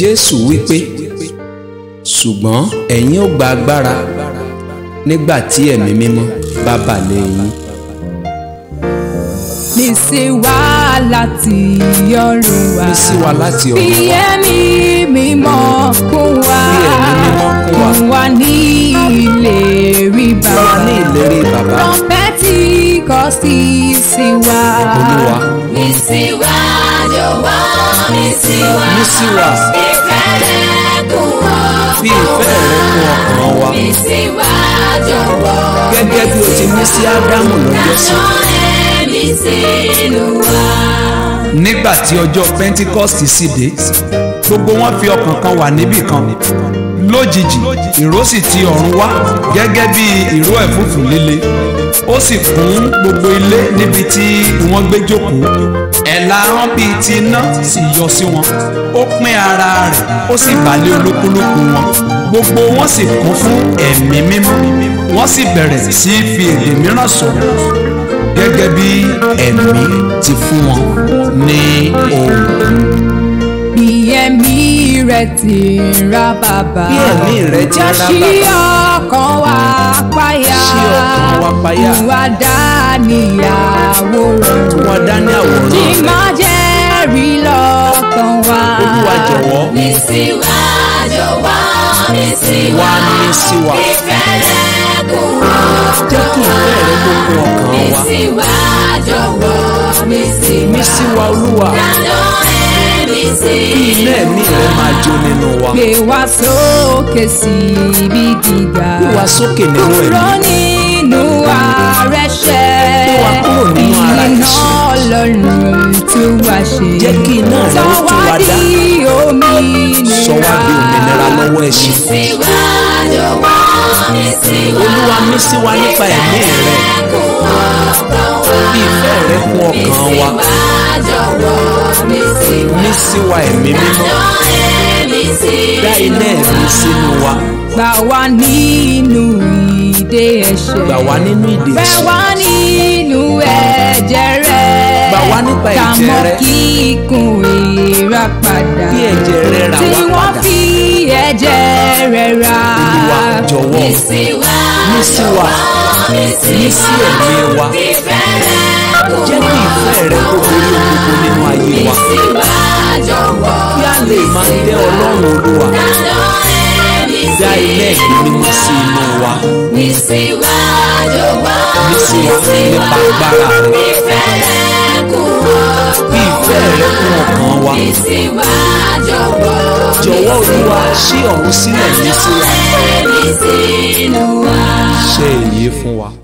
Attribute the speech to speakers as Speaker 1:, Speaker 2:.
Speaker 1: Jésù wípé ṣùgbọ́n ẹ̀yin ó gba agbára nígbà tí ẹ̀mí mímọ́ bá bà lé yín. mi sì wá láti ọ̀run wá mi sì wá láti ọ̀run wá fi ẹ̀mí mímọ́ kún wá kún wá ní ìlérí bàbá ní ìlérí bàbá rọ̀mẹ́tì kọ́ sí sí wá mi sì wá jọ̀wọ́ wá mi sì wá. ti mí sí ádámù lọ́jọ́ sí. nígbà tí ọjọ́ pentikọ́sì sì dé gbogbo wọn fi ọkàn kan wà níbì kan lójijì ìró sì ti ọ̀run wá gẹ́gẹ́ bí ìró ẹ̀fúùfù líle ó sì kún gbogbo ilé níbi tí wọ́n gbé jókòó ẹ̀la hàn bíi ti iná sì yọ sí wọn ó pín ara rẹ̀ ó sì balẹ̀ olúkúlùkù wọn gbogbo wọn sì kún fún ẹ̀mí mímọ́ wọ́n sì bẹ̀rẹ̀ sí fi èdè mìíràn sọ̀rọ̀ gẹ́gẹ́ bí ẹ̀mí ti fún wọn ní ohùn. bí ẹ̀mí rẹ̀ ti ra bàbá bí ẹ̀mí rẹ̀ ti ra bàbá jọ́sí ọkàn wa páyà ṣí ọkàn wa páyà ìwà níyàwó rẹ̀ níyàwó sí wa jọ̀wọ́ mi sí wa ìfẹ́ rẹ kún ọkàn wa mi sí wa jọ̀wọ́ mi sí wa dáná ẹ̀mí sí ilé mi rẹ máa jó nínú wa. gbé wa sókè sí ibi gíga gbé wa sókè nínú ẹ̀mí kúrò nínú àrẹ́ṣẹ́ ìyìn náà lọ́rùn tó wá ṣe jẹ́ kí iná rẹ ó tún wá dá sọ wá di òmìnira lọ́wọ́ ẹ̀ṣẹ̀. olúwa mí sí wa nípa ẹ̀mí rẹ bí ìfẹ́ rẹ kún ọkàn wa mí sí wa ẹ̀mí mímọ́ dá iná ẹ̀mí sínú wa. gbà wá nínú ìdè ẹ̀ṣẹ̀. gbà wá nínú ìdè ẹ̀ṣẹ̀. gbà wá nínú ẹ̀jẹ̀ rẹ gbà wá nípa ẹ̀jẹ̀ rẹ kí ikùn ìra padà tí wọ́n fi ẹ̀jẹ̀ rẹ ra. olúwa jọ̀wọ́ mísí wa mísí wa mísí ẹ̀mí wa jẹ́ kí ìfẹ́ rẹ kó borí ohun nínú ayé wa kí a lè máa tẹ́ ọlọ́run olúwa dá ilé ẹ̀gbẹ́ mímọ́ sí inú wa. Nísìwájú wá, nísìwájú nípa agbára rẹ̀. sì wá jọ̀wọ́ jọ̀wọ́ olúwa ṣí ọ̀run sílẹ̀ ní tiwa ṣe èyí fún wa.